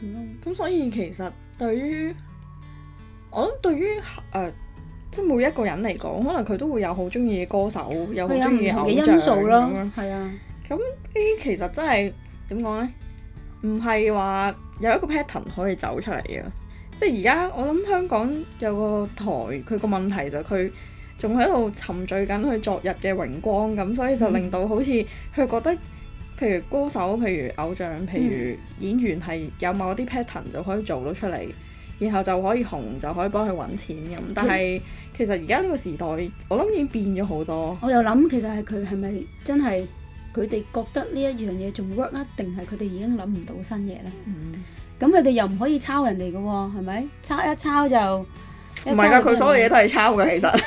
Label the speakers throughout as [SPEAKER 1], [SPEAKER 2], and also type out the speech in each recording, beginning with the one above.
[SPEAKER 1] 咁、嗯、所以其實對於我諗，對於誒、呃、即係每一個人嚟講，可能佢都會有好中意嘅歌手，有好中意嘅偶像咁樣。係啊。咁呢啲其實真係點講咧？唔係話有一個 pattern 可以走出嚟嘅。即係而家我諗香港有個台，佢個問題就佢仲喺度沉醉緊佢昨日嘅榮光咁，所以就令到好似佢覺得、嗯。譬如歌手，譬如偶像，譬如演員，係有某啲 pattern 就可以做到出嚟，嗯、然後就可以紅，就可以幫佢揾錢咁。但係是、嗯、其實而家呢個時代，我諗已經變咗好多。
[SPEAKER 2] 我又諗其實係佢係咪真係佢哋覺得呢一樣嘢仲 work 定係佢哋已經諗唔到新嘢呢？咁佢哋又唔可以抄人哋嘅喎，係咪？抄一抄就……唔係㗎，佢所有嘢都係抄嘅，其實。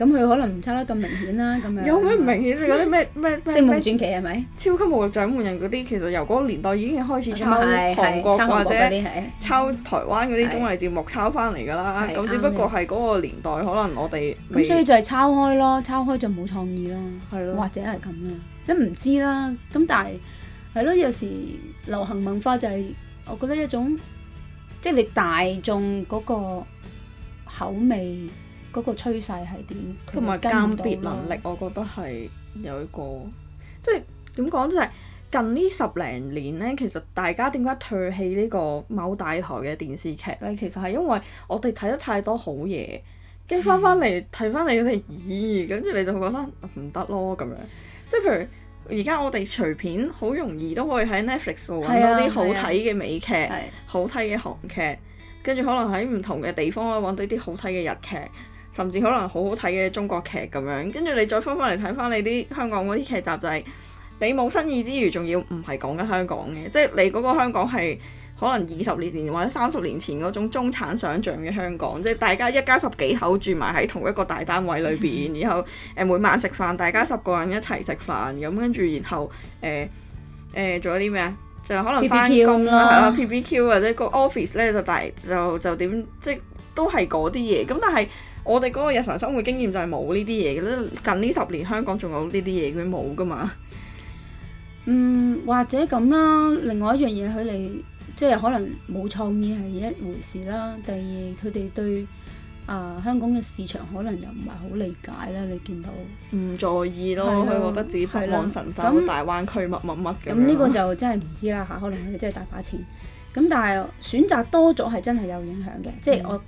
[SPEAKER 2] 咁佢可能唔抄得咁明顯啦，咁樣有咩唔明顯？你嗰啲咩
[SPEAKER 1] 咩咩咩？《 星夢傳奇》係咪？《超級無敵獎門人》嗰啲其實由嗰個年代已經開始抄， 抄韓國或者抄台灣嗰啲綜藝節目抄翻嚟㗎啦。咁只不過係嗰個年代，的可能我哋咁所以就
[SPEAKER 2] 係抄開咯，抄開就冇創意啦，的或者係咁啦，即唔知啦。咁但係係咯，有時流行文化就係我覺得一種，即係你大眾嗰個口味。嗰個趨勢係點？
[SPEAKER 1] 同埋鑑別能力，我覺得係有一個，嗯、即係點講就係近十呢十零年咧，其實大家點解唾棄呢個某大台嘅電視劇咧？其實係因為我哋睇得太多好嘢，跟翻翻嚟睇翻嚟佢哋咦，跟住你就覺得唔得咯咁樣。即係譬如而家我哋隨便好容易都可以喺 Netflix 度揾到啲好睇嘅美劇，啊啊、好睇嘅韓劇，跟住可能喺唔同嘅地方可以揾到啲好睇嘅日劇。甚至可能好好睇嘅中國劇咁樣，跟住你再翻翻嚟睇翻你啲香港嗰啲劇集，就係你冇新意之餘，仲要唔係講緊香港嘅，即係你嗰個香港係可能二十年前或者三十年前嗰種中產想像嘅香港，即係大家一家十幾口住埋喺同一個大單位裏邊，嗯、然後誒每晚食飯，大家十個人一齊食飯咁，跟住然後誒誒仲有啲咩啊？就可能翻工啦，係啦，BBQ 或者個 office 咧就大就就點，即都係嗰啲嘢。咁但係我哋嗰個日常生活經驗就係冇呢啲嘢嘅啦，近呢十年香港仲有呢啲嘢，佢冇㗎嘛。
[SPEAKER 2] 嗯，或者咁啦，另外一樣嘢佢哋即係可能冇創意係一回事啦。第二佢哋對啊、呃、香港嘅市場可能又唔係好理解啦。你見到
[SPEAKER 1] 唔在意咯，佢了覺得自己北望神州了大灣區乜乜乜嘅咁，呢個就
[SPEAKER 2] 真係唔知啦吓， 可能佢哋真係大把錢。咁但係選擇多咗係真係有影響嘅，即係我。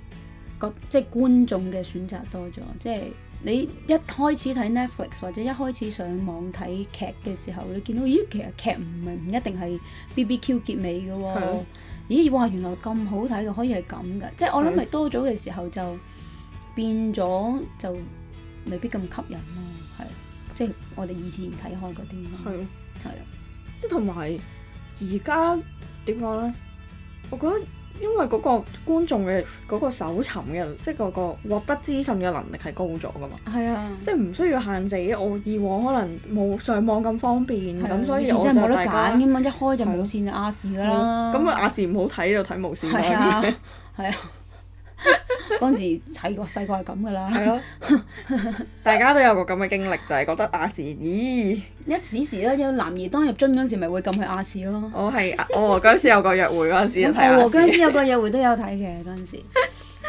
[SPEAKER 2] 即係觀眾嘅選擇多咗，即係你一開始睇 Netflix 或者一開始上網睇劇嘅時候，你見到，咦其實劇唔係唔一定係 BBQ 結尾嘅喎，是的 咦，哇原來咁好睇嘅可以係咁嘅，即係我諗咪多咗嘅時候就，是的 就變咗就未必咁吸引咯，係即係我哋以前睇
[SPEAKER 1] 開嗰啲咯，係啊，即係同埋而家點講咧？我覺得。因為嗰個觀眾嘅嗰個搜尋嘅，即係嗰個獲得資訊嘅能力係高咗噶嘛，係啊，即係唔需要限制。我以往可能冇上網咁方便，咁、啊、所以我就冇、啊、得揀嘅嘛，一開就無線就亞視㗎啦。咁啊亞視唔好睇就睇無線啦，係啊。 嗰陣 時睇個細個係咁噶啦、啊，係咯，大家都有個咁嘅經歷，就係、是、覺得亞視咦， 一
[SPEAKER 2] 時時啦，有男兒當入樽嗰陣時咪會撳去亞視咯。
[SPEAKER 1] 我係《我和僵屍有個約會》嗰陣時睇《我和僵屍
[SPEAKER 2] 有個約會》都有睇嘅嗰陣時，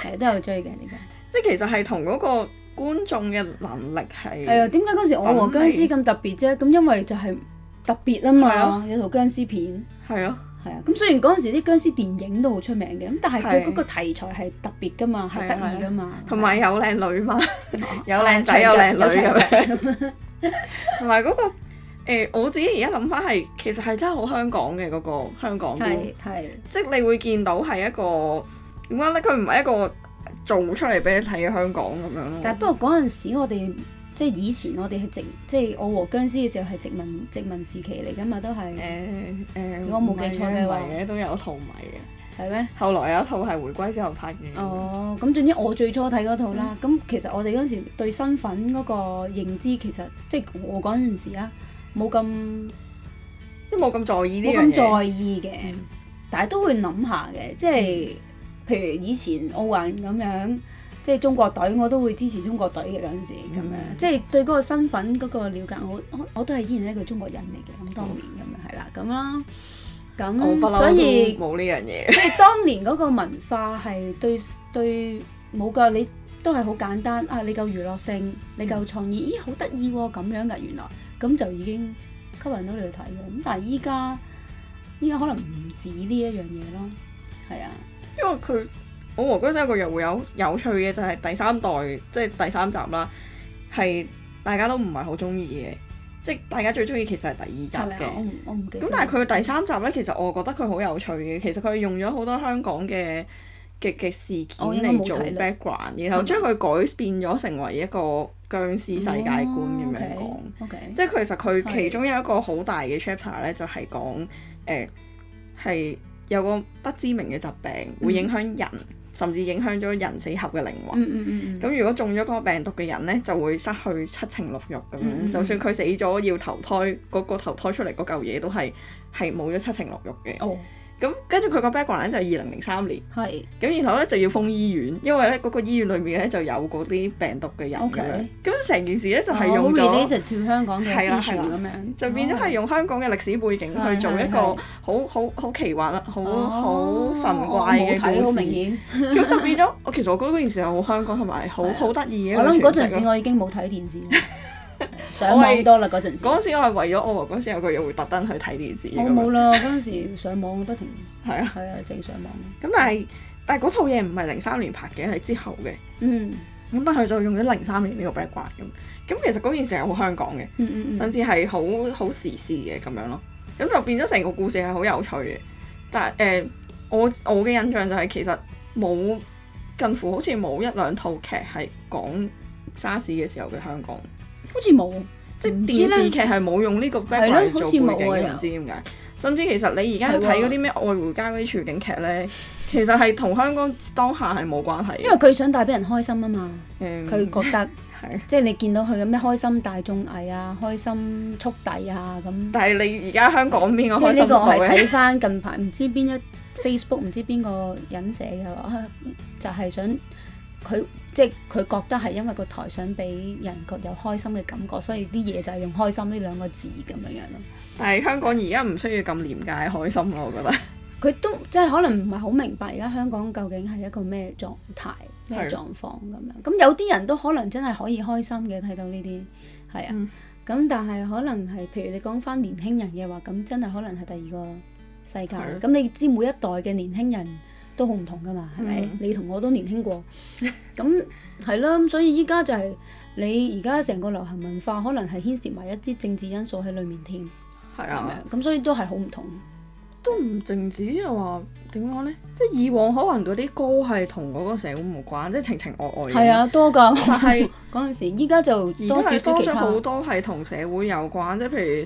[SPEAKER 2] 係都有追嘅呢個。即
[SPEAKER 1] 係其實係同嗰個觀眾嘅能力係，係啊，點解嗰時《我和僵屍》
[SPEAKER 2] 咁特別啫？咁因為就係特別啊嘛，有套僵屍片
[SPEAKER 1] 係啊。係啊，咁雖然嗰陣時
[SPEAKER 2] 啲僵屍電影都好出名嘅，咁但係佢嗰個題材係特別㗎嘛，係得意㗎嘛，同埋
[SPEAKER 1] 有靚女嘛，哦、有靚仔有靚女咁樣、啊，同埋嗰個、欸、我自己而家諗翻係，其實係真係好香港嘅嗰、嗰個香港嘅，即係你會見到係一個點解咧，佢唔係一個做出嚟俾你睇嘅香港咁樣咯。但係不過嗰陣時我哋。即係以前我哋係殖，即係我和僵屍嘅
[SPEAKER 2] 時候係殖民殖民時期嚟㗎嘛，都係誒誒。如果我冇、呃呃、記錯嘅話，都有套
[SPEAKER 1] 迷嘅，係咩嗎？後來有一套係回歸之後拍嘅。哦，
[SPEAKER 2] 咁總之我最初睇嗰套啦。咁、嗯、其實我哋嗰陣時對身份嗰個認知其實，即係我嗰陣時啊，冇咁、嗯，
[SPEAKER 1] 即係冇咁在意呢啲。冇咁在
[SPEAKER 2] 意嘅，但係都會諗下嘅，即係譬如以前奧運咁樣。即係中國隊，我都會支持中國隊嘅嗰陣時咁樣，嗯、即係對嗰個身份嗰、嗰個了解，我我我都係依然係一個中國人嚟嘅，咁當年咁 Okay. 樣係啦咁啦咁，所以
[SPEAKER 1] 冇呢樣嘢。即係
[SPEAKER 2] 當年嗰個文化係對對冇噶，你都係好簡單啊！你夠娛樂性，你夠創意，咦好得意喎咁樣㗎原來，咁就已經吸引到你去睇嘅咁。但係依家依家可能唔止呢一樣嘢咯，
[SPEAKER 1] 係啊，因為佢。我和殭屍有個約會有有趣嘅就係、是、第三代即係第三集啦，係大家都唔係好中意嘅，即係大家最中意其實係第二集嘅。我唔我唔記
[SPEAKER 2] 得。咁但係佢
[SPEAKER 1] 第三集呢，其實我覺得佢好有趣嘅。其實佢用咗好多香港嘅嘅嘅事件嚟做 background，然後將佢改變咗成為一個僵屍世界觀咁樣講。的的哦、o、okay, K.、Okay. 即係其實佢其中有一個好大嘅 chapter 呢，的就係講誒係、呃、有個不知名嘅疾病會影響人、嗯。甚至影響咗人死後嘅靈魂。咁、嗯嗯嗯、如果中咗嗰個病毒嘅人呢，就會失去七情六欲。咁樣、嗯嗯。就算佢死咗要投胎，嗰、嗰個投胎出嚟嗰嚿嘢都係係冇咗七情六欲嘅。哦。咁跟住佢個 background 就係二零零三年，係咁然後咧就要封醫院，因為咧嗰個醫院裏面咧就有嗰啲病毒嘅人嘅，咁成件事咧就係用咗跳
[SPEAKER 2] 香港嘅，係啊係啊，就變咗係
[SPEAKER 1] 用香港嘅歷史背景去做一個好好好奇幻啦，好好神怪嘅，冇睇好明顯。咁就變咗，我其實我覺得嗰件事係好香港同埋好好得意嘅。我諗嗰陣時我已
[SPEAKER 2] 經冇睇電視。
[SPEAKER 1] 上網多啦嗰陣時，嗰時我係為咗我嗰陣時有個嘢會特登去睇電視。我冇啦，嗰陣時上網不停。係啊係啊，正上網。咁但係，嗯、但係嗰套嘢唔係零三年拍嘅，係之後嘅。嗯。咁但係就用咗零三年呢個 background 咁，咁其實嗰件事係好香港嘅，嗯嗯嗯甚至係好好時事嘅咁樣咯。咁就變咗成個故事係好有趣嘅。但係誒、呃，我我嘅印象就係其實冇近乎好似冇一,一兩套劇係講沙士嘅時候嘅香港。好似冇，即係電視劇係冇用呢個 background 做背景嘅，唔知點解。甚至其實你而家睇嗰啲咩愛回家嗰啲處境劇咧，的其實係同香港當下係冇關係。因為
[SPEAKER 2] 佢想帶俾人開心啊嘛，
[SPEAKER 1] 佢、嗯、覺得
[SPEAKER 2] 係，的即係你見到佢嘅咩開心大綜藝啊，開心速遞啊咁。
[SPEAKER 1] 但係你而家香港邊的個開心呢個我？即係睇
[SPEAKER 2] 翻近排唔知邊一 Facebook 唔知邊個人寫嘅話，就係想。佢即係佢覺得係因為個台想俾人個有開心嘅感覺，所以啲嘢就係用開心呢兩個
[SPEAKER 1] 字咁樣樣咯。但係香港而家唔需要咁廉價開心咯，我覺得。佢
[SPEAKER 2] 都即係可能唔係好明白而家香港究竟係一個咩狀態、咩 狀況咁的樣。咁有啲人都可能真係可以開心嘅睇到呢啲，係啊。咁、嗯、但係可能係譬如你講翻年輕人嘅話，咁真係可能係第二個世界。咁的你知每一代嘅年輕人。都好唔同噶嘛，係咪？你同我都年輕過，咁係啦，咁所以依家就係、是、你而家成個流行文化，可能係牽涉埋一啲政治因素喺裏面添，係
[SPEAKER 1] 啊的，咁的所以都係好唔同。都唔淨止又話點講咧？即係以往可能嗰啲歌係同嗰個社會冇關，即係情情愛愛嘅。係啊，多㗎。但係
[SPEAKER 2] 嗰陣時，依家就多咗好
[SPEAKER 1] 多係同社會有關，即係譬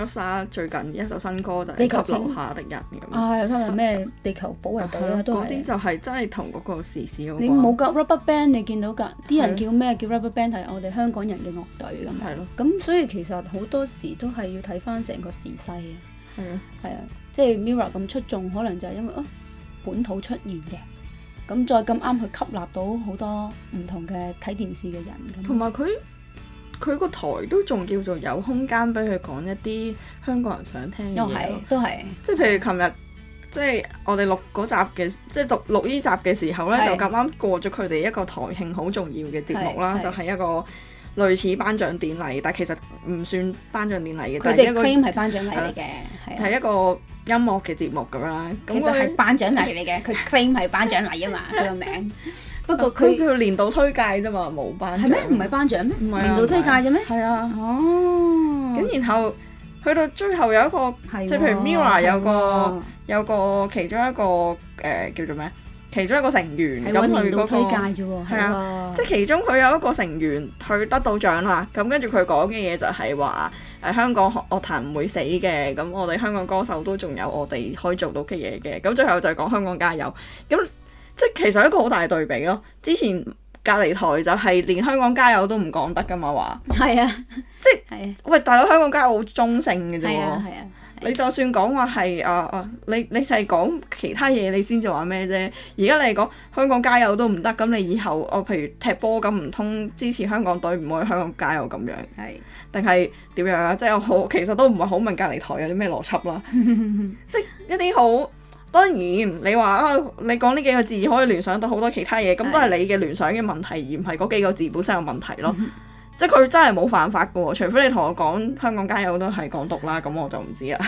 [SPEAKER 1] 如 COSA 最近一首新歌就係《地球留下的人》咁
[SPEAKER 2] 啊，係啊，咩地
[SPEAKER 1] 球保育隊啦，都嗰啲就係真係同嗰個時事有關。你冇
[SPEAKER 2] 㗎 Rubber Band，你見到㗎啲人叫咩？叫 Rubber Band 係我哋香港人嘅樂隊咁。係咯。咁所以其實好多時都係要睇翻成個時勢啊。係啊。係啊。即係 Mirror 咁出眾，可能就係因為、哦、本土出現嘅，咁、嗯、再咁啱去吸納到好多唔同嘅
[SPEAKER 1] 睇電視嘅人，同埋佢佢個台都仲叫做有空間俾佢講一啲香港人想聽嘅嘢咯，都係，即係譬如琴日即係我哋錄嗰集嘅，即係錄錄依集嘅時候呢，的就咁啱過咗佢哋一個台慶好重要嘅節目啦，就係一個。類似頒獎典禮，但其實唔算頒獎典禮嘅。佢哋 claim 係頒
[SPEAKER 2] 獎禮
[SPEAKER 1] 嚟嘅，係一個音樂嘅節目咁樣啦。其實係頒
[SPEAKER 2] 獎禮嚟嘅，佢 claim 係頒獎禮啊嘛，佢個名。不過佢佢
[SPEAKER 1] 年度推介啫嘛，冇班。係咩？唔係頒獎咩？唔係年度推介啫咩？係啊。哦。咁然後去到最後有一個，即係譬如 mirror 有個有個其中一個誒叫做咩？其中一個成員咁佢係、嗰個、推介係啊，即係、啊、其中佢有一個成員佢得到獎啦，咁跟住佢講嘅嘢就係話誒香港樂壇唔會死嘅，咁我哋香港歌手都仲有我哋可以做到嘅嘢嘅，咁最後就係講香港加油，咁即係其實一個好大對比咯。之前隔離台就係連香港加油都唔講得噶嘛，話係啊，即係、啊、喂大佬香港加油好中性嘅啫喎。你就算講話係啊啊，你你係講其他嘢，你先至話咩啫？而家你係講香港加油都唔得，咁你以後我譬如踢波，咁唔通支持香港隊唔可以香港加油咁樣，係定係點樣啊？即係我好其實都唔係好明隔離台有啲咩邏輯啦， 即係一啲好當然你話啊，你講呢幾個字可以聯想到好多其他嘢，咁都係你嘅聯想嘅問題，是而唔係嗰幾個字本身有問題咯。 即係佢真係冇犯法嘅喎，除非你同我講香港加油都係港獨啦，咁我就唔知啦。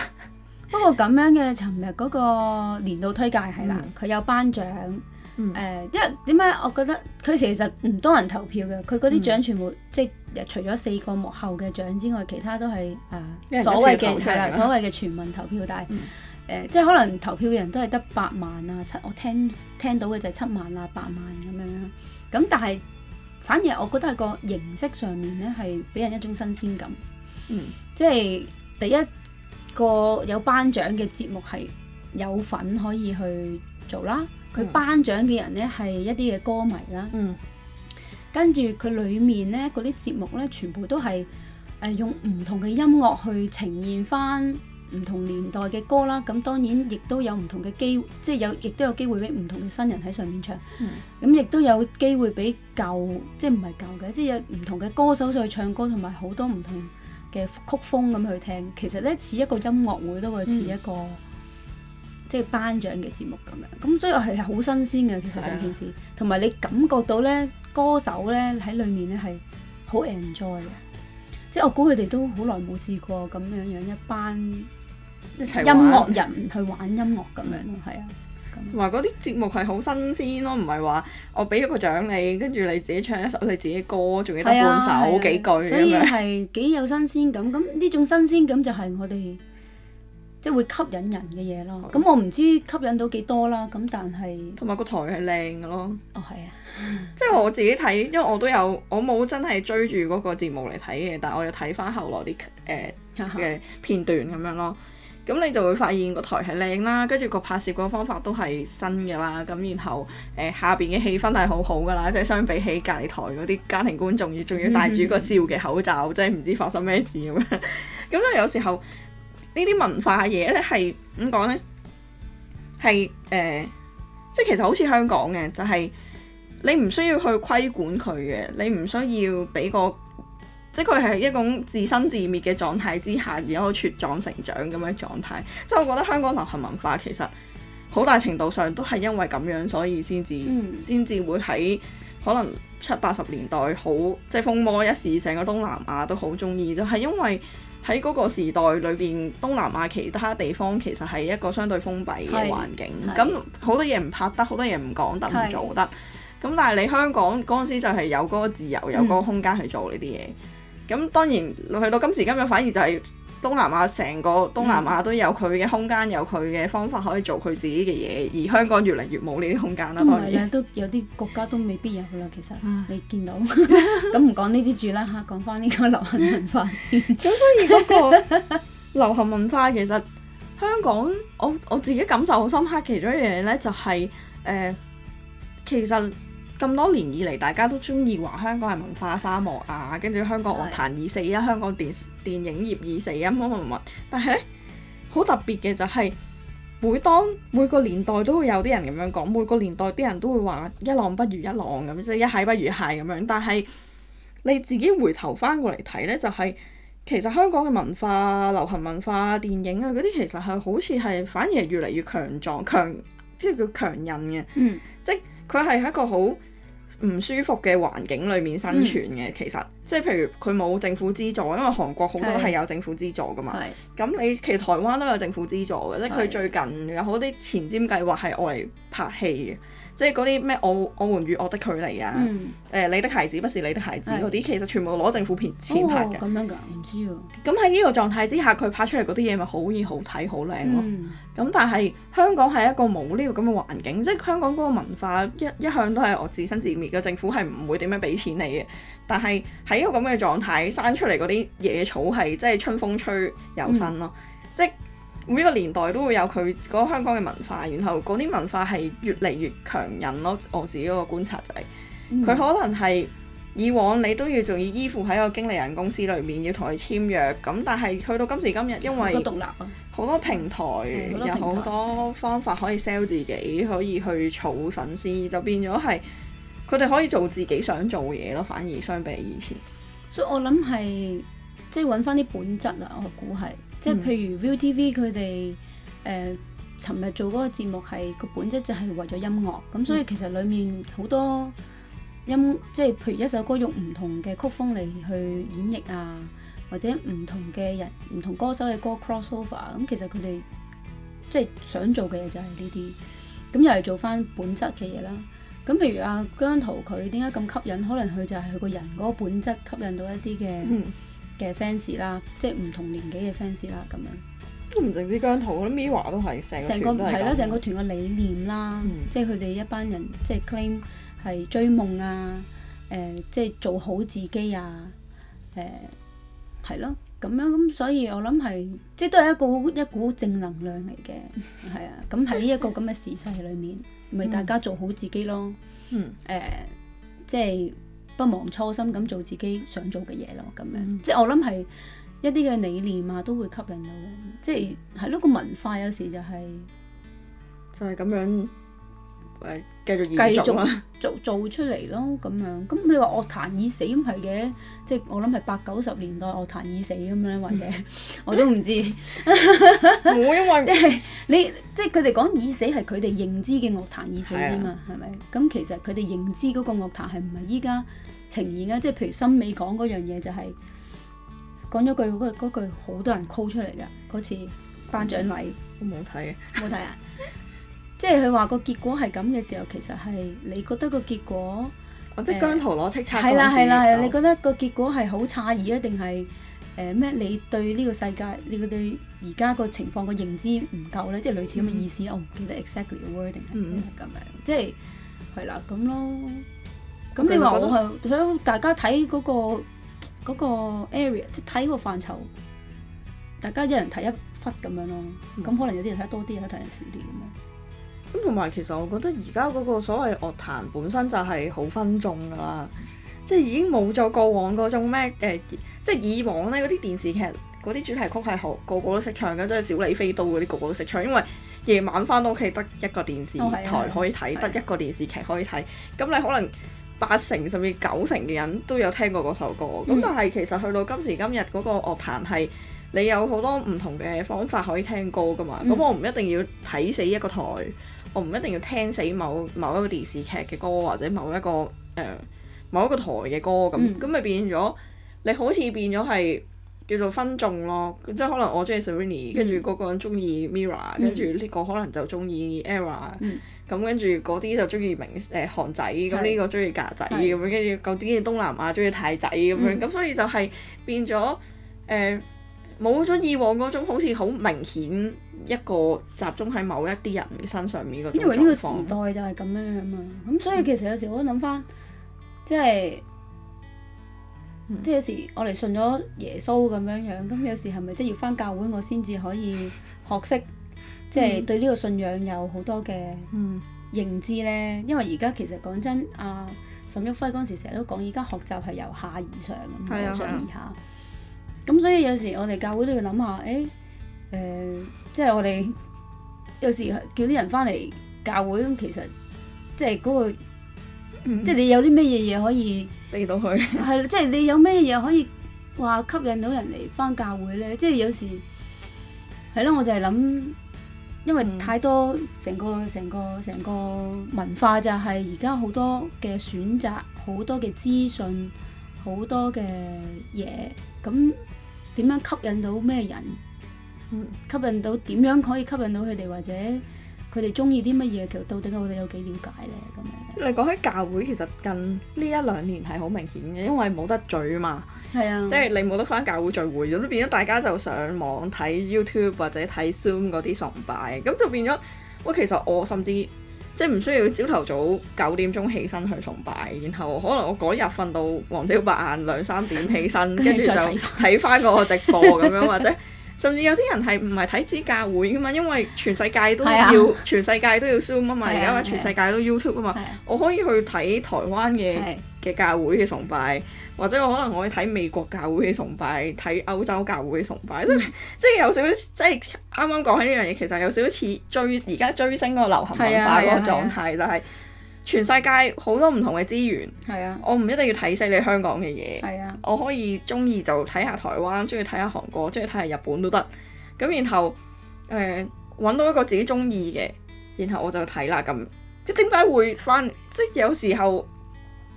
[SPEAKER 2] 不過咁樣嘅尋日嗰個年度推介係啦，佢、嗯、有頒獎，誒、嗯呃，因為點解我覺得佢其實唔多人投票嘅，佢嗰啲獎全部、嗯、即係除咗四個幕後嘅獎之外，其他都係啊、呃、所謂嘅係啦，所謂嘅全民投票，但係誒、嗯呃、即係可能投票嘅人都係得八萬啊七，7，我聽聽到嘅就係七萬啊八萬咁、啊、樣，咁但係。但反而我覺得係個形式上面咧，係俾人一種新鮮感。嗯，即係第一個有頒獎嘅節目係有份可以去做啦。佢頒獎嘅人咧係一啲嘅歌迷啦。嗯，跟住佢裡面咧嗰啲節目咧，全部都係誒用唔同嘅音樂去呈現翻。唔同年代嘅歌啦，咁當然亦都有唔同嘅機會，即係有，亦都有機會俾唔同嘅新人喺上面唱，咁亦都有機會俾舊，即係唔係舊嘅，即係有唔同嘅歌手上去唱歌，同埋好多唔同嘅曲風咁去聽。其實呢，似一個音樂會多過似一個即係頒獎嘅節目咁樣。咁所以係好新鮮嘅，其實成件事。同埋你感覺到呢，歌手呢喺裡面呢係好 enjoy 嘅，即係我估佢哋都好耐冇試過咁樣樣一班。一音樂人去玩音樂咁樣咯，係啊，
[SPEAKER 1] 同埋嗰啲節目係好新鮮咯，唔係話我俾咗個獎你，跟住你自己唱一首你自己歌，仲記得半首、啊、幾句、啊、所以係
[SPEAKER 2] 幾有新鮮感，咁呢 種新鮮感就係我哋即係會吸引人嘅嘢咯。咁、啊、我唔知吸引到幾多啦，咁但係同
[SPEAKER 1] 埋個台係靚嘅咯。哦，係啊。嗯、即係我自己睇，因為我都有，我冇真係追住嗰個節目嚟睇嘅，但係我有睇翻後來啲誒嘅片段咁樣咯。呃 咁你就會發現個台係靚啦，跟住個拍攝個方法都係新嘅啦，咁然後誒、呃、下邊嘅氣氛係好好㗎啦，即係相比起隔離台嗰啲家庭觀眾要仲要戴住個笑嘅口罩，嗯、即係唔知發生咩事咁樣。咁 咧有時候呢啲文化嘢咧係點講咧？係誒，是呃、即係其實好似香港嘅，就係、是、你唔需要去規管佢嘅，你唔需要俾個。即係佢係一種自生自滅嘅狀態之下，而一個茁壯成長咁嘅狀態。所以我覺得香港流行文化其實好大程度上都係因為咁樣，所以先至先至會喺可能七八十年代好即係風靡一時，成個東南亞都好鍾意。就係、是、因為喺嗰個時代裏邊，東南亞其他地方其實係一個相對封閉嘅環境，咁好是多嘢唔拍得，好多嘢唔講得，唔做得。咁的但係你香港嗰陣時就係有嗰個自由，有嗰個空間去做呢啲嘢。嗯。咁當然去到今時今日，反而就係東南亞成個東南亞都有佢嘅空間，有佢嘅方法可以做佢自己嘅嘢，而香港越嚟越冇呢啲空間啦。當然。都
[SPEAKER 2] 唔係啦，都有啲國家都未必有啦。其實你見到咁，唔講呢啲住啦嚇，講翻呢個流行文化先。咁所以嗰個
[SPEAKER 1] 流行文化其實香港，我我自己感受好深刻，其中一樣嘢咧就係誒，其實。咁多年以嚟，大家都中意話香港係文化沙漠啊，跟住香港樂壇已死啊，對香港電電影業已死啊，乜乜乜，但係咧好特別嘅就係、是，每當每個年代都會有啲人咁樣講，每個年代啲人都會話一浪不如一浪咁，即係一蟹不如蟹咁樣。但係你自己回頭翻過嚟睇呢，就係、是、其實香港嘅文化、流行文化、電影啊嗰啲，其實係好似係反而係越嚟越強壯、強。即係叫強韌嘅，嗯、即係佢係喺一個好唔舒服嘅環境裏面生存嘅。嗯、其實，即係譬如佢冇政府資助，因為韓國好多係有政府資助噶嘛。咁是你其實台灣都有政府資助嘅，即係佢最近有好多啲前瞻計劃係我嚟拍戲嘅。是即係嗰啲咩我我們與惡的距離啊，誒、嗯呃、你的孩子不是你的孩子嗰啲是，其實全部攞政府片錢拍嘅。咁、
[SPEAKER 2] 哦、樣㗎？唔知
[SPEAKER 1] 啊。咁喺呢個狀態之下，佢拍出嚟嗰啲嘢咪好易好睇好靚咯。咁、嗯、但係香港係一個冇呢個咁嘅環境，即、就、係、是、香港嗰個文化一一向都係我自生自滅嘅，政府係唔會點樣俾錢你嘅。但係喺呢個咁嘅狀態生出嚟嗰啲野草係即係春風吹又生咯，嗯、即每一個年代都會有佢嗰個香港嘅文化，然後嗰啲文化係越嚟越強人咯。我自己嗰個觀察就係、係，佢、嗯、可能係以往你都要仲要依附喺個經理人公司裏面要同佢簽約，咁但係去到今時今日，因為好多獨立啊，好多平台有好多方法可以 sell 自己，可以去儲粉絲，就變咗係佢哋可以做自己想做嘢咯。反而相比以前，
[SPEAKER 2] 所以我諗係即係揾翻啲本質啦。我估係。即係譬如 ViuTV 佢哋誒尋日做嗰個節目係個本質就係為咗音樂，咁所以其實裡面好多音、嗯、即係譬如一首歌用唔同嘅曲風嚟去演繹啊，或者唔同嘅人、唔同歌手嘅歌 cross over，咁其實佢哋即係想做嘅嘢就係呢啲，咁又係做翻本質嘅嘢啦。咁譬如阿姜濤佢點解咁吸引？可能佢就係佢個人嗰個本質吸引到一啲嘅，嗯嘅 fans 啦，ans，即係唔同年紀嘅 fans 啦，咁
[SPEAKER 1] 樣。都唔淨止姜濤，我諗 MIA 都係成成個係啦，成個團嘅理念
[SPEAKER 2] 啦、嗯，即係佢哋一班人即係 claim 係追夢啊，誒、呃，即係做好自己啊，誒、呃，係咯，咁樣咁，所以我諗係即係都係一個一股正能量嚟嘅，係 啊，咁喺呢一個咁嘅時勢裡面，咪、嗯、大家做好自己咯，嗯，誒、呃，即係。不忘初心，咁做自己想做嘅嘢咯，咁樣、嗯、即係我諗係一啲嘅理念啊，都會吸引到，即係係嗰個文化有時就係、是、就係咁樣。
[SPEAKER 1] 誒繼續繼續做
[SPEAKER 2] 做，做出嚟咯咁樣，咁你話樂壇已死咁係嘅，即係我諗係八九十年代樂壇已死咁咧，或者 我都唔知。唔因為即係你即係佢哋講已死係佢哋認知嘅樂壇死已死樂壇已死啲嘛，係咪、啊？咁其實佢哋認知嗰個樂壇係唔係依家呈現咧？即係譬如森美講嗰樣嘢就係講咗句嗰句好多人 cue 出嚟噶嗰次頒獎禮，嗯、我冇睇嘅，冇睇啊。即係佢話個結果係咁嘅時候，其實係你覺得個結果，
[SPEAKER 1] 即係姜濤攞叱咤。係啦係啦係，你
[SPEAKER 2] 覺得個結果係好詫異啊？定係誒咩？你對呢個世界，你對而家個情況個認知唔夠咧？即係類似咁嘅意思。嗯、我唔記得 exactly wording 係點樣，嗯、即係係啦咁咯。咁你話我係大家睇嗰、嗰個嗰、嗰個 area，即係睇個範疇，大家一人睇一忽咁樣咯。咁、嗯、可能有啲人睇多啲，有啲人睇少啲咁樣。
[SPEAKER 1] 咁同埋其實我覺得而家嗰個所謂樂壇本身就係好分眾㗎啦，即係已經冇咗過往嗰種咩誒、呃，即係以往呢嗰啲電視劇嗰啲主題曲係好個，個個都識唱嘅，即係小李飛刀嗰啲個個都識唱，因為夜晚翻到屋企得一個電視台可以睇，得、哦、一個電視劇可以睇，咁的你可能八成甚至九成嘅人都有聽過嗰首歌。咁、嗯、但係其實去到今時今日嗰個樂壇係你有好多唔同嘅方法可以聽歌㗎嘛，咁、嗯、我唔一定要睇死一個台。我唔一定要聽死某某一個電視劇嘅歌，或者某一個誒、呃、某一個台嘅歌咁，咁咪、嗯、變咗你好似變咗係叫做分眾咯，即係可能我中意 Serrini 跟住嗰個人中意 Mirror，跟住呢個可能就中意 Era，咁跟住嗰啲就中意明誒韓仔，咁呢、嗯、個中意格仔，咁樣跟住嗰啲東南亞中意泰仔咁樣，咁、嗯嗯、所以就係變咗誒。呃呃冇咗以往嗰種好似好明顯一個集中喺某一啲人嘅身上面，因為呢個時
[SPEAKER 2] 代就係咁樣啊嘛，咁、嗯嗯、所以其實有時我都諗翻，就是嗯、即係即係有時我哋信咗耶穌咁樣樣，咁有時係咪即係要翻教會我先至可以學識，即、就、係、是、對呢個信仰有好多嘅認知咧？嗯嗯、因為而家其實講真，啊，沈旭輝嗰陣時成日都講，而家學習係由下而上，冇上而下。嗯嗯咁所以有時我哋教會都要諗下，誒、欸，誒、呃，即係我哋有時叫啲人翻嚟教會咁，其實即係嗰個，嗯嗯即係你有啲咩嘢嘢可以俾到佢？係咯 即係你有咩嘢可以話吸引到人嚟翻教會咧？即係有時係咯，我就係諗，因為太多成個成個成個文化就係而家好多嘅選擇，好多嘅資訊，好多嘅嘢咁。點樣吸引到咩人？吸引到點樣可以吸引到佢哋，或者佢哋中意啲乜嘢？其實到底我哋有幾瞭解呢？咁樣
[SPEAKER 1] 你講起教會，其實近呢一兩年係好明顯嘅，因為冇得聚嘛，啊、即係你冇得返教會聚會，咁都變咗大家就上網睇 YouTube 或者睇 Zoom 嗰啲崇拜，咁就變咗喂，其實我甚至。即係唔需要朝頭早九點鐘起身去崇拜，然後可能我嗰日瞓到黃朝白晏兩三點起身，跟住就睇翻個直播咁樣， 或者甚至有啲人係唔係睇主教會嘅嘛，因為全世界都要、啊、全世界都要 Zoom 啊嘛，而家話全世界都 YouTube 啊嘛，啊啊我可以去睇台灣嘅、啊。嘅教會嘅崇拜，或者我可能我可以睇美國教會嘅崇拜，睇歐洲教會嘅崇拜，即係即係有少少，即係啱啱講起呢樣嘢，其實有少少似追而家追星嗰個流行文化嗰個狀態，就係、啊啊啊、全世界好多唔同嘅資源，啊、我唔一定要睇死你香港嘅嘢，啊、我可以中意就睇下台灣，中意睇下韓國，中意睇下日本都得，咁然後誒揾、呃、到一個自己中意嘅，然後我就睇啦咁，即係點解會翻，即係有時候。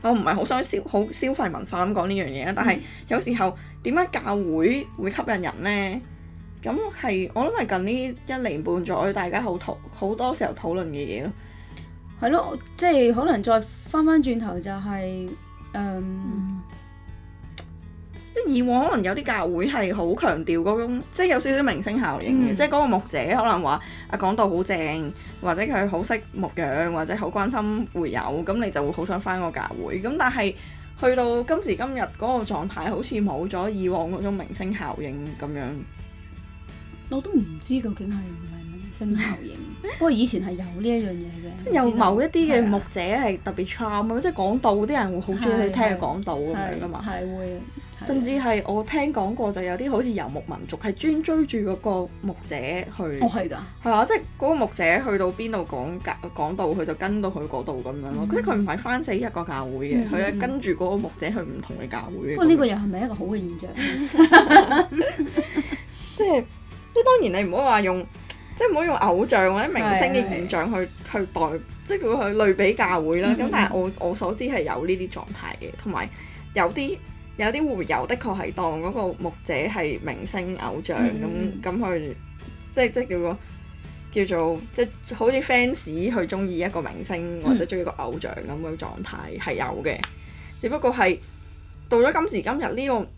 [SPEAKER 1] 我唔係好想消好消費文化咁講呢樣嘢，但係有時候點解教會會吸引人呢？咁係我諗係近呢一年半載大家好討好多時候討論嘅嘢咯。係咯，即係可能再返返轉頭就係、是、誒。嗯嗯即以往可能有啲教會係好強調嗰種，即係有少少明星效應嘅，嗯、即係嗰個牧者可能話啊講道好正，或者佢好識牧養，或者好關心會友，咁你就會好想返個教會。咁但係去到今時今日嗰個狀態，好似冇咗以往嗰種明星效應咁樣。
[SPEAKER 2] 我都唔知究竟係唔係明星效應。 不過以前係有呢一樣嘢嘅，即係有某一
[SPEAKER 1] 啲嘅牧者係特別 charm 咯，即係講道啲人會好中意聽佢講道咁樣噶嘛。係會。甚至係我聽講過就有啲好似遊牧民族係專追住嗰個牧者去。哦，係㗎。係啊，即係嗰個牧者去到邊度講講道，佢就跟到佢嗰度咁樣咯。佢係，佢唔係翻死一個教會嘅，佢係跟住嗰個牧者去唔同嘅教會。不過呢個
[SPEAKER 2] 又係咪一個好嘅現象？
[SPEAKER 1] 即係即係當然你唔好話用。即係唔好用偶像或者明星嘅現象去 去代，即係叫佢類比教會啦。咁 但係我我所知係有呢啲狀態嘅，同埋有啲有啲會友的確係當嗰個牧者係明星偶像咁咁 去，即係即係叫個叫做即係好似 fans 去中意一個明星 或者中意個偶像咁樣狀態係有嘅，只不過係到咗今時今日呢個。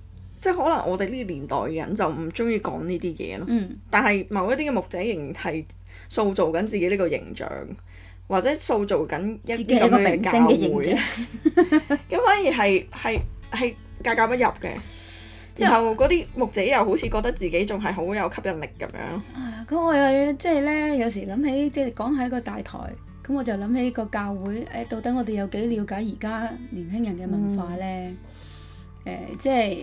[SPEAKER 1] 即係可能我哋呢個年代人就唔中意講呢啲嘢咯。嗯。但係某一啲嘅牧者仍然係塑造緊自己呢個形象，或者塑造緊一啲咁嘅教會。咁 反而係係係格格不入嘅。
[SPEAKER 2] 之即後
[SPEAKER 1] 嗰啲牧者又好似覺得自己仲係好有吸引力咁樣。
[SPEAKER 2] 咁、嗯、我又即係咧，有時諗起即係講喺個大台，咁我就諗起個教會。誒，到底我哋有幾了解而家年輕人嘅文化咧？誒、嗯，即係。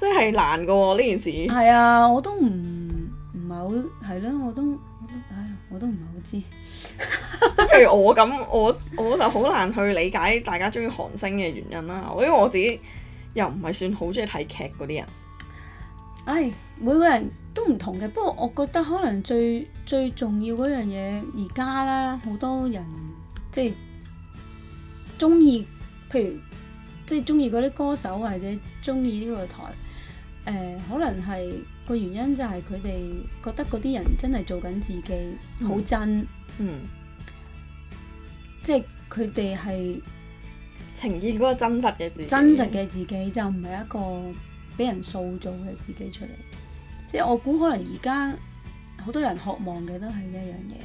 [SPEAKER 2] 即係難過喎呢件事。係啊，我都唔唔係好係咯，我都我都唉，我都唔係好知。
[SPEAKER 1] 即譬 如我咁，我我就好難去理解大家中意韓星嘅原因啦。因為我自己又唔係算好中意睇劇嗰啲人。唉、哎，每個
[SPEAKER 2] 人都唔同嘅。不過我覺得可能最最重要嗰樣嘢而家啦，好多人即係中意，譬如即係中意嗰啲歌手或者中意呢個台。誒、呃，可能係個原因就係佢哋覺得嗰啲人真係做緊自己，好、嗯、真，嗯，即係佢哋係呈現嗰個真實嘅自，自己，真實嘅自己就唔係一個俾人塑造嘅自己出嚟，嗯、即係我估可能而家好多人渴望嘅都係一樣嘢，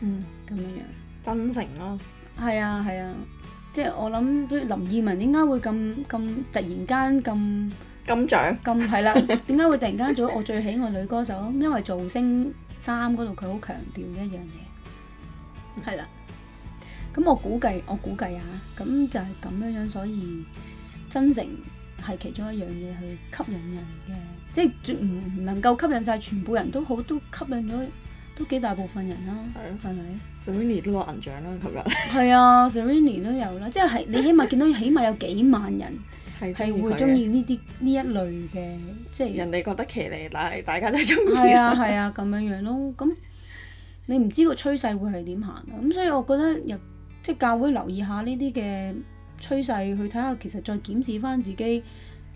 [SPEAKER 2] 嗯，咁樣樣真誠咯、啊，係啊係啊，啊，即係我諗，啊、林二汶點解會咁咁突然間咁。金獎，係啦。點解會突然間做我最喜愛女歌手， 因為造星三嗰度佢好強調一樣嘢，係啦。咁我估計，我估計啊，咁就係咁樣樣，所以真誠係其中一樣嘢去吸引人嘅，即係唔能夠吸引晒全部人都好，都吸引咗都幾大部分人啦。係咯、啊，係咪
[SPEAKER 1] Serrini 都攞銀獎啦，琴日。
[SPEAKER 2] 係 啊 Serrini 都有啦，即、就、係、係、你起碼見到起碼有幾萬人。係會中意呢啲呢一類嘅，即係人哋覺得奇離，但
[SPEAKER 1] 係大家都中意。係啊係啊
[SPEAKER 2] 咁樣樣咯。咁你唔知個趨勢會係點行嘅。咁所以我覺得又即係教會留意下呢啲嘅趨勢，去睇下其實再檢視返自己。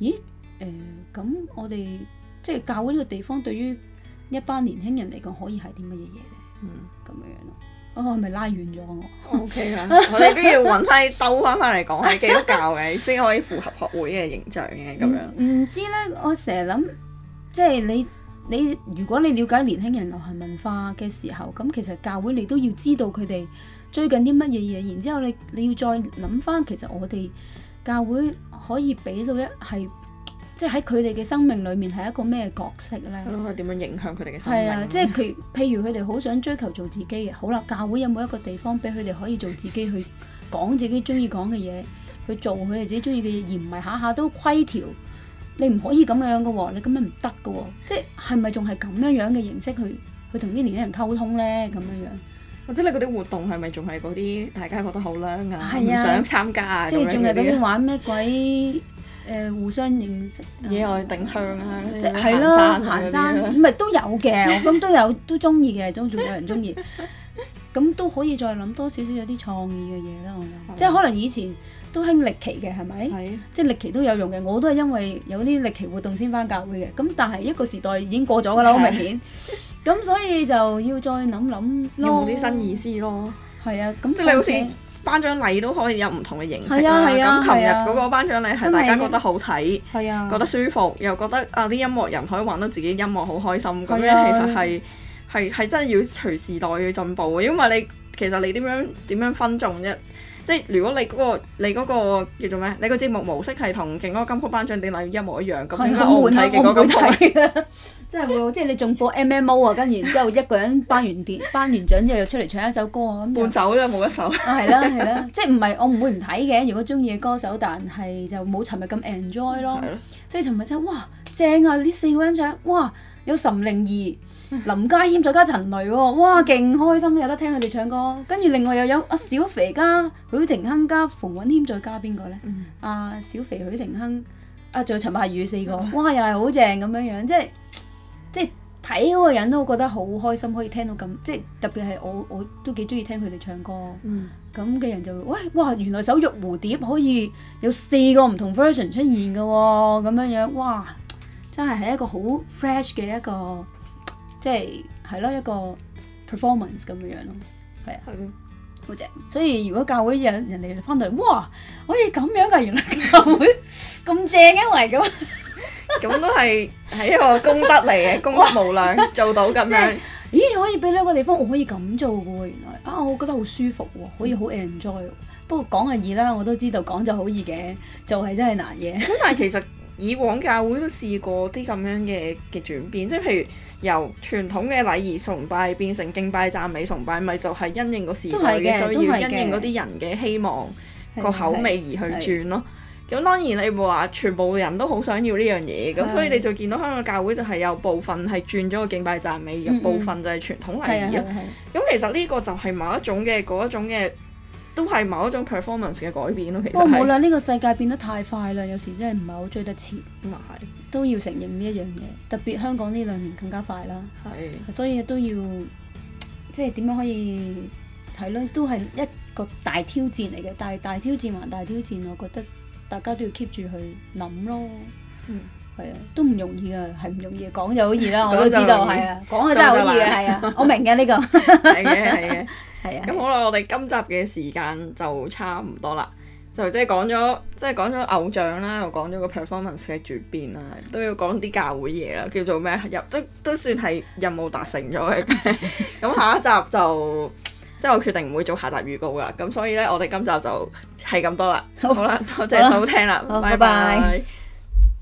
[SPEAKER 2] 咦誒？咁，呃，我哋即係教會呢個地方對於一班年輕人嚟講，可以係啲乜嘢嘢咧？嗯，咁樣樣咯。我係咪拉遠咗？我 OK 啦，我哋都要揾翻兜翻翻嚟講，係基督教
[SPEAKER 1] 嘅先可以符合學會嘅形象嘅，咁樣。唔
[SPEAKER 2] 知咧，我成日諗，即係你你，如果你了解年輕人流行文化嘅時候，咁其實教會你都要知道佢哋最近啲乜嘢嘢，然之後你你要再諗翻，其實我哋教會可以俾到一係。即喺佢哋嘅生命裏面係一個咩角色
[SPEAKER 1] 咧？佢點樣影響佢哋嘅？係啊，即係
[SPEAKER 2] 佢譬如佢哋好想追求做自己嘅，好啦，教會有冇一個地方俾佢哋可以做自己去講自己中意講嘅嘢，去做佢哋自己中意嘅嘢，而唔係下下都規條，你唔可以咁樣嘅喎，哦，你咁樣唔得嘅喎，即係係咪仲係咁樣樣嘅形式去去同啲年輕人溝通咧？咁樣樣
[SPEAKER 1] 或者你嗰啲活動係咪仲係嗰啲大家覺得好撚啊，唔、啊、想參加啊？啊即係仲係嗰啲玩咩
[SPEAKER 2] 鬼？ 誒互相認識，野外定向啊，即係咯，行山，唔係都有嘅，咁都有都中意嘅，都仲有人中意，咁都可以再諗多少少有啲創意嘅嘢啦，我諗，即係可能以前都興歷奇嘅係咪？係，即係歷奇都有用嘅，我都係因為有啲歷奇活動先翻教會嘅，咁但係一個時代
[SPEAKER 1] 已經過咗㗎啦，好明顯，
[SPEAKER 2] 咁所以就要再諗諗咯，要啲新意思咯，係啊，咁創新。
[SPEAKER 1] 頒獎禮都可以有唔同嘅形式。咁琴日嗰個頒獎禮係大家覺得好睇，啊啊、覺得舒服，又覺得啊啲音樂人可以玩到自己音樂好開心。咁、啊、樣其實係係係真係要隨時代去進步，因為你其實你點樣點樣分眾啫。即係如果你嗰、那個你嗰、那個、叫做咩？你個節目模式係同勁歌金曲頒獎典禮一模一樣，咁點解我唔睇勁歌金曲？更換
[SPEAKER 2] 即係會，即係你仲播 M M O 啊，跟住然之後一個人頒完碟、 頒完獎之後又出嚟唱一首歌 就啊咁。
[SPEAKER 1] 半首都冇一首。 啊，係啦係啦，
[SPEAKER 2] 即係唔係我唔會唔睇嘅，如果中意嘅歌手，但係就冇尋日咁 enjoy 咯。的即係尋日真係哇正啊！呢四個人唱，哇有岑寧兒、林家謙，再加陳雷喎，哇勁開心，有得聽佢哋唱歌。跟住另外又有阿小肥加許廷鏗加馮允謙，再加邊個咧？阿、嗯啊、小肥、許廷鏗，阿、啊、仲有陳柏宇四個，四個，哇，又係好正咁樣樣，即係。即係睇嗰個人都覺得好開心，可以聽到咁，即係特別係我我都幾中意聽佢哋唱歌，咁嘅、嗯、人就會喂哇，原來首《玉蝴蝶》可以有四個唔同 version 出現嘅喎、哦，咁樣樣，哇，真係係一個好 fresh 嘅一個，即係係咯一個 performance 咁樣樣咯，係啊，好正的。所以如果教會人人哋翻嚟，哇，可以咁樣㗎，原來教會咁正 因為咁。咁都係喺一個功德嚟嘅，功德無量哇做到咁樣。咦，可以俾你一個地方，我可以咁做嘅喎，原來啊，我覺得好舒服喎，嗯、可以好 enjoy。不過講係易啦，我都知道講就好易嘅，
[SPEAKER 1] 就係真係難嘅。咁但係其實以往教會都試過啲咁樣嘅嘅轉變， 即係譬如由傳統嘅禮儀崇拜變成敬拜讚美崇拜，咪就係、係、因應個時代嘅需要，因應嗰啲人嘅希望個口味而去轉咯。咁當然你話全部人都好想要呢樣嘢，咁所以你就見到香港教會就係有部分係轉咗個敬拜讚美，有部分就係傳統嚟。咁其實呢個就係某一種嘅嗰一種嘅，都係某一種 performance 嘅改變咯。其實，不過冇啦，
[SPEAKER 2] 呢個世界變得太快啦，有時真係唔係好追得切。咁啊係，都要承認呢一樣嘢，特別香港呢兩年更加快啦。係的，所以都要即係點樣可以係咯？都係一個大挑戰嚟嘅，但係大挑戰還大挑戰，我覺得。大家都要 keep 住去諗咯，嗯，係啊，都唔容易啊，係唔容易，講就好易啦，我都知道，係啊、 嗯，講係真係好易嘅，係啊， 我明嘅呢個， 係嘅係嘅，
[SPEAKER 1] 係啊 的，咁 好啦，我哋今集嘅時間就差唔多啦，就即係講咗，即係講咗偶像啦，又講咗個 performance 嘅轉變啦，都要講啲教會嘢啦，叫做咩，入都都算係任務達成咗嘅，咁 下一集就。即係我決定唔會做下集預告㗎啦，咁所以咧，我哋今集就係咁多啦。好啦，好吧，多謝收聽啦好拜，拜拜。